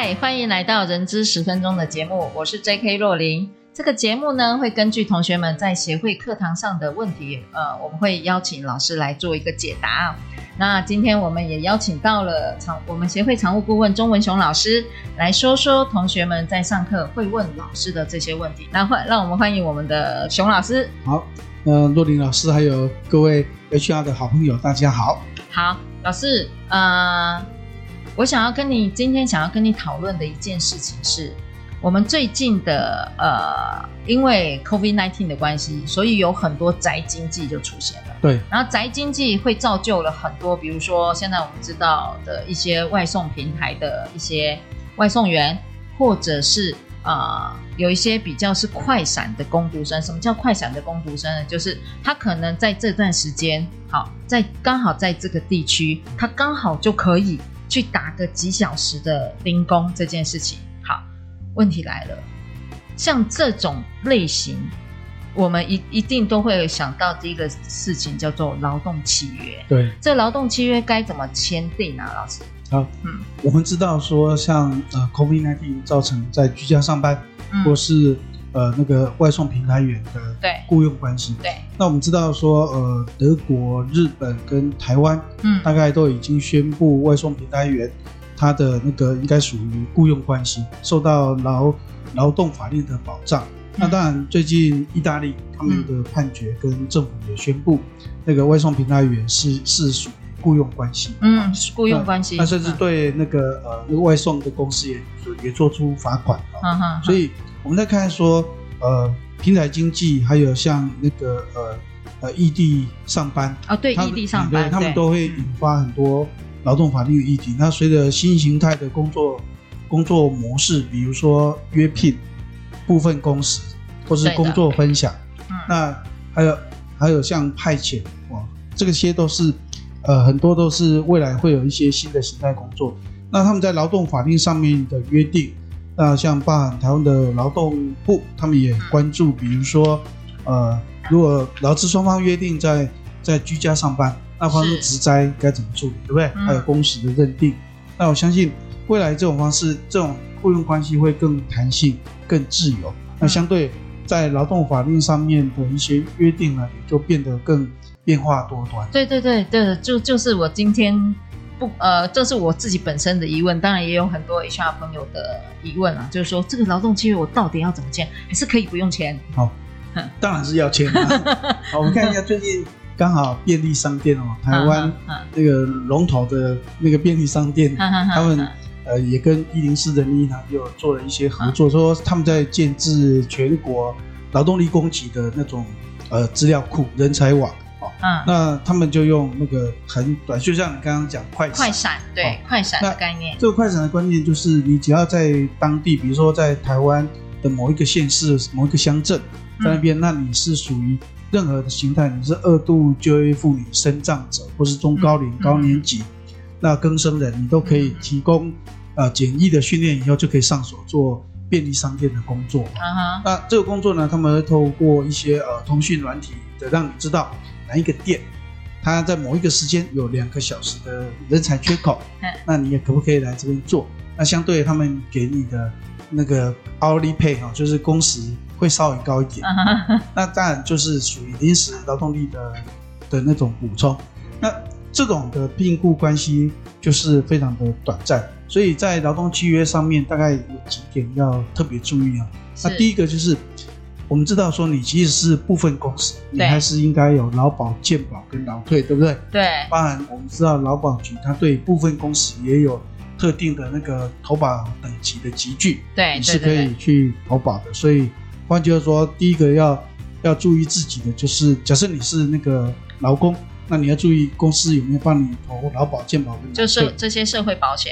嗨，歡迎來到人資十分鐘的節目，我是 JK 若羚。這個節目呢，會根據同學們在協會課堂上的問題，呃，我們會邀請老師來做一個解答。那今天我們也邀請到了常我們協會常務顧問鍾文雄老師來說說同學們在上課會問老師的這些問題。那歡，讓讓我們歡迎我們的鍾老師。好，嗯、呃，若羚老師還有各位 HR 的好朋友，大家好。好，老師，嗯、呃。我想要跟你，今天想要跟你討論的一件事情是，我們最近的呃，因為 COVID-19 的關係，所以有很多宅經濟就出現了。對，然後宅經濟會造就了很多，比如說現在我們知道的一些外送平台的一些外送員，或者是啊、呃，有一些比較是快閃的工讀生。什麼叫快閃的工讀生呢？就是他可能在這段時間，好，在剛好在這個地區，他剛好就可以。去打個幾小時的零工這件事情，好，問題來了，像這種類型，我們一一定都會想到第一個事情叫做勞動契約。對，這勞動契約該怎麼簽訂呢？老師？好，嗯，我們知道說，像呃，COVID nineteen 造成在居家上班，或是。呃，那個外送平台員的僱傭關係。對，那我們知道說，呃，德國、日本跟台灣，嗯，大概都已經宣布外送平台員他的那個應該屬於僱傭關係，受到勞勞動法律的保障。嗯、那當然，最近意大利他們的判決跟政府也宣布，那個外送平台員是是屬於僱傭關係，嗯，是僱傭關係。那甚至對那個呃那個外送的公司也也做出罰款。嗯哼，所以。嗯我們再看說，呃，平台經濟，還有像那個呃呃異地上班啊，對，異地上班、哦，對，異地上班對，他們都會引發很多勞動法律的議題。那、嗯嗯嗯、隨着新形態的工作工作模式，比如說約聘，部分公司或是工作分享，嗯、那還有還有像派遣，哇，這個些都是呃很多都是未來會有一些新的形態工作。那他們在勞動法定上面的約定。那像包含台灣的勞動部，他們也關注，比如說，呃，如果勞資雙方約定在在居家上班，那發生職災該怎麼處理，對不對？還有工時的認定，嗯。那我相信未來這種方式，這種僱傭關係會更彈性、更自由。嗯、那相對在勞動法令上面的一些約定呢，也就變得更變化多端。對對對對的，就就是我今天。不，呃，這是我自己本身的疑問，當然也有很多 HR 朋友的疑問啊，就是說這個勞動契約我到底要怎麼簽，還是可以不用簽？好、哦，當然是要簽了。 好，我們看一下最近剛好便利商店哦，台灣那個龍頭的那個便利商店，啊啊啊、他們呃也跟一零四人力銀行有做了一些合作、啊，說他們在建置全國勞動力供給的那種呃資料庫、人才網。嗯，那他們就用那個很短，就像你剛剛講快快閃，對、哦、快閃的概念。這個快閃的概念就是，你只要在當地，比如說在台灣的某一個縣市、某一個鄉鎮，在那邊、嗯，那你是屬於任何的形態，你是二度就業婦女、身障者，或是中高齡、嗯嗯、高年級，嗯、那更生人，你都可以提供、嗯、呃簡易的訓練，以後就可以上手做便利商店的工作。哈、嗯。那這個工作呢，他們會透過一些呃通訊軟體的，讓你知道。哪一個店，他在某一個時間有兩個小時的人才缺口，那你也可不可以來這邊做？那相對於他們給你的那個 hourly pay 哈，就是工時會稍微高一點，啊，那當然就是屬於臨時勞動力的的那種補充。那這種的聘僱關係就是非常的短暫，所以在勞動契約上面大概有幾點要特別注意啊，哦，那第一個就是。我們知道說你即使是部分公司，你還是應該有勞保、健保跟勞退對，對不對？對。當然，我們知道勞保局它對部分公司也有特定的那個投保等級的級距，對，你是可以去投保的。對對對所以，換句話說，第一個要要注意自己的，就是假設你是那個勞工，那你要注意公司有沒有幫你投勞保、健保跟勞退，就是這,這些社會保險。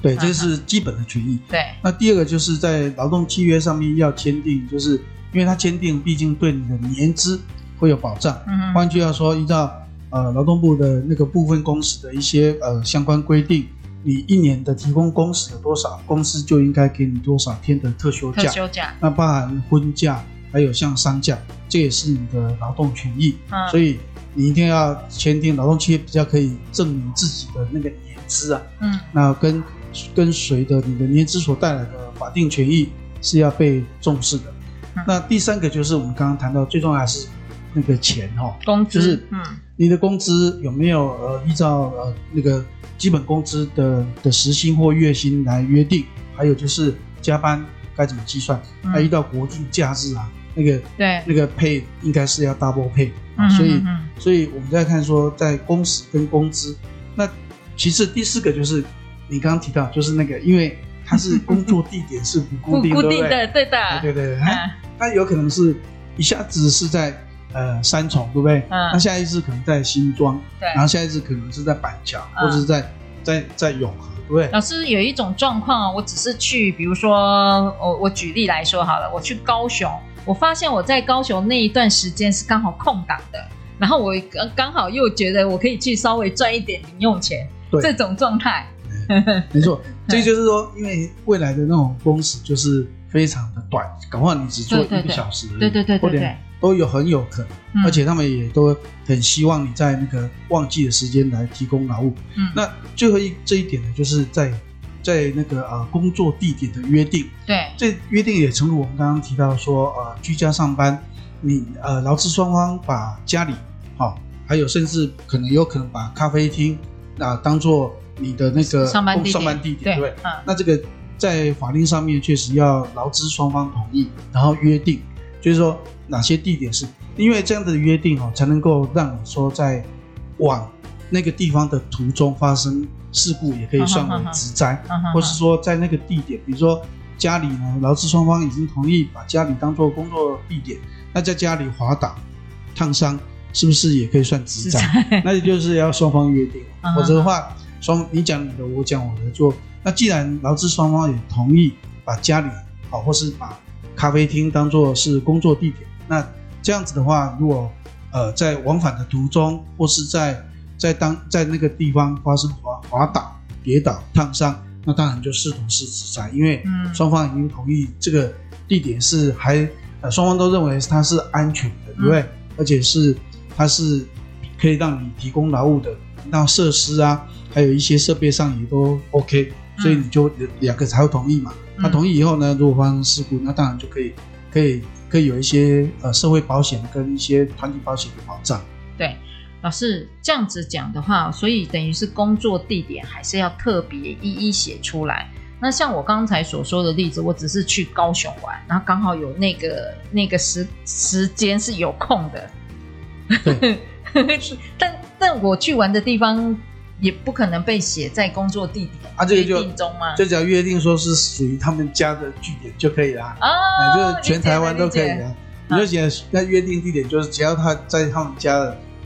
對呵呵，這是基本的權益。對。那第二個就是在勞動契約上面要簽訂，就是。因為它簽訂，畢竟對你的年資會有保障。嗯。換句話說，依照呃勞動部的那個部分工時的一些呃相關規定，你一年的提供工時有多少，公司就應該給你多少天的特休假。特休假。那包含婚假，還有像喪假，這也是你的勞動權益。嗯。所以你一定要簽訂勞動契約，比較可以證明自己的那個年資啊。嗯。那跟跟隨着你的年資所帶來的法定權益是要被重視的。那第三個就是我們剛剛談到，最重要的是那個錢哈，工資，就是嗯，你的工資有沒有呃依照呃那個基本工資的的時薪或月薪來約定？還有就是加班該怎麼計算？那遇到國定假日啊，那個對那個 pay 應該是要 double pay 啊。所以所以我們再看說在工時跟工資，那其次第四個就是你剛剛提到就是那個因為。它是工作地點是不固定，固定的，對不對？對的，對的，對、啊、的。那有可能是一下子是在呃三重，對不對？嗯、啊。那、啊、下一次可能在新莊，對。然後下一次可能是在板橋，啊、或者在在在，在永和，對不對？老師有一種狀況，我只是去，比如說，我我舉例來說好了，我去高雄，我發現我在高雄那一段時間是剛好空檔的，然後我剛剛好又覺得我可以去稍微賺一點零用錢，對，這種狀態。 沒錯，所以就是說，因為未來的那種工時就是非常的短，搞不好你只做一個小時，對對對，對對對對對都有很有可能、嗯，而且他們也都很希望你在那個旺季的時間來提供勞務。嗯，那最後一這一點呢，就是在在那個呃工作地點的約定，對，這約定也成為我們剛剛提到說，呃，居家上班，你呃勞資雙方把家裡，好、哦、還有甚至可能有可能把咖啡廳。啊，當做你的那個上班、哦、上班地點，對，對，那這個在法令上面確實要勞資雙方同意，然後約定，就是說哪些地點是，因為這樣的約定哈、哦，才能夠讓你說在往那個地方的途中發生事故也可以算為職災、啊，或是說在那個地點，啊、哈哈比如說家裡呢，勞資雙方已經同意把家裡當做工作地點，那在家裡滑倒、燙傷，是不是也可以算職災？ 那也就是要雙方約定。否則的話，雙、嗯、你講你的，我講我的，就那既然勞資雙方也同意把家裡，好、哦、或是把咖啡廳當作是工作地點，那這樣子的話，如果呃在往返的途中或是在在當在那個地方發生滑滑倒、跌倒、燙傷，那當然就視同是職災，因為雙方已經同意這個地點是還呃雙方都認為它是安全的，嗯、對不對，而且是它是可以讓你提供勞務的。那設施啊，還有一些設備上也都 OK，、嗯、所以你就兩個才會同意嘛。他、嗯、同意以後呢，如果發生事故，那當然就可以，可以，可以有一些呃社會保險跟一些團體保險的保障。對，老師這樣子講的話，所以等於是工作地點還是要特別一一寫出來。那像我剛才所說的例子，我只是去高雄玩，然後剛好有那個那個時時間是有空的， 但。但我去玩的地方也不可能被寫在工作地點啊，這個就。就只要約定說是屬於他們家的據點就可以了啊、哦嗯，就是全台灣都可以了，你就寫在約定地點，就是只要他在他們家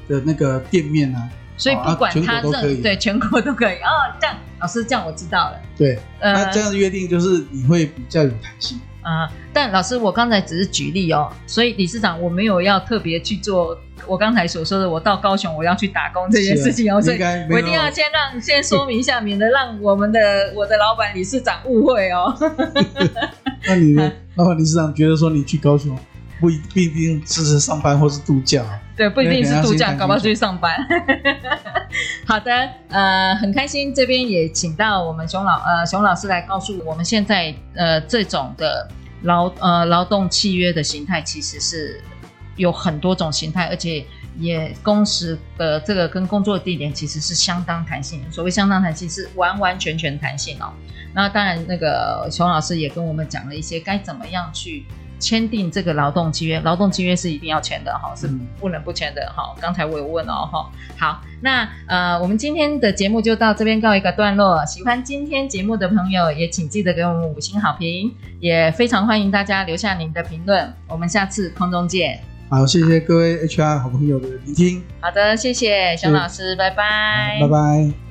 的那個店面啊，所以不管他以。對、哦、全國都可以，對全國都可以哦。這樣，老師這樣我知道了。對，呃、那這樣的約定就是你會比較有彈性。啊、嗯！但老師，我剛才只是舉例哦、喔，所以理事長我沒有要特別去做我剛才所說的，我到高雄我要去打工這件事情、喔、哦、啊，所以我一定要先讓先說明一下，免得讓我們的 我的老闆理事長誤會哦、喔。 那你們， 老闆理事長覺得說你去高雄？不不一定支持上班或是度假，對，不一定是度假，心心搞不好出去上班。 好的，呃，很開心，這邊也請到我們鍾老，呃，鍾老師來告訴我們，現在呃，這種的勞呃勞動契約的形態其實是有很多種形態，而且也工時的這個跟工作的地點其實是相當彈性。所謂相當彈性，是完完全全彈性哦。那當然，那個鍾老師也跟我們講了一些該怎麼樣去。簽訂這個勞動契約，勞動契約是一定要簽的哈，是不能不簽的哈。剛才我有問哦好，那呃，我們今天的節目就到這邊告一個段落。喜歡今天節目的朋友，也請記得給我們五星好評，也非常歡迎大家留下您的評論。我們下次空中見。好，謝謝各位 HR 好朋友的聆聽。好的，謝謝鍾老師，拜拜，拜拜。